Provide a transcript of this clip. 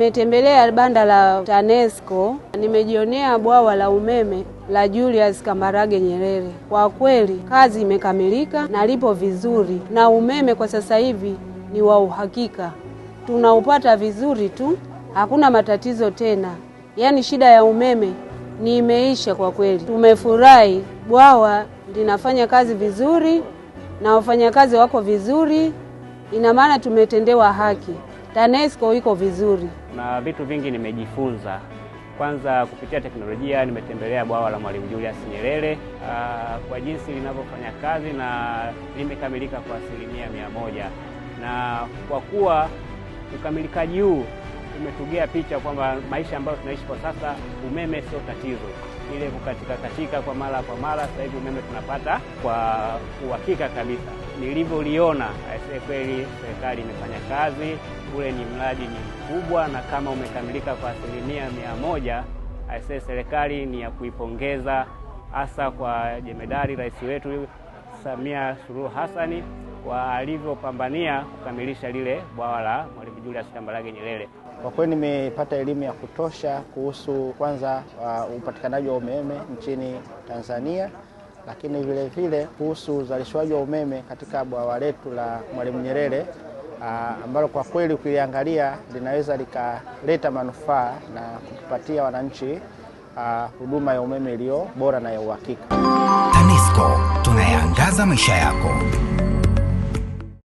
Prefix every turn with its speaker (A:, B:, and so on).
A: Nimetembelea banda la TANESCO, nimejionea bwawa la umeme la Julius Kambarage Nyerere. Kwa kweli kazi imekamilika na lipo vizuri, na umeme kwa sasa hivi ni wa uhakika, tunaupata vizuri tu, hakuna matatizo tena, yaani shida ya umeme ni imeisha. Kwa kweli tumefurahi, bwawa linafanya kazi vizuri na wafanyakazi wako vizuri, ina maana tumetendewa haki. TANESCO iko vizuri
B: na vitu vingi nimejifunza. Kwanza kupitia teknolojia nimetembelea bwawa la Mwalimu Julius Nyerere ah, kwa jinsi linavyofanya kazi na limekamilika kwa asilimia mia moja, na kwa kuwa ukamilikaji huu umetugea picha kwamba maisha ambayo tunaishi kwa sasa, umeme sio tatizo. Ile kukatika katika kwa mara kwa mara, sasa hivi umeme tunapata kwa uhakika kabisa. Nilivyoliona aisee, kweli serikali imefanya kazi, ule ni mradi ni mkubwa, na kama umekamilika kwa asilimia mia moja, aisee, serikali ni ya kuipongeza, hasa kwa jemedari rais wetu Samia Suluhu hasani kwa alivyopambania kukamilisha lile bwawa la Mwalimu Julius Kambarage Nyerere.
C: Kwa kweli nimepata elimu ya kutosha kuhusu kwanza uh, upatikanaji wa umeme nchini Tanzania, lakini vile vile kuhusu uzalishaji wa umeme katika bwawa letu la Mwalimu Nyerere uh, ambalo kwa kweli ukiliangalia linaweza likaleta manufaa na kutupatia wananchi uh, huduma uh, ya umeme iliyo bora na ya uhakika. TANESCO tunayaangaza maisha yako.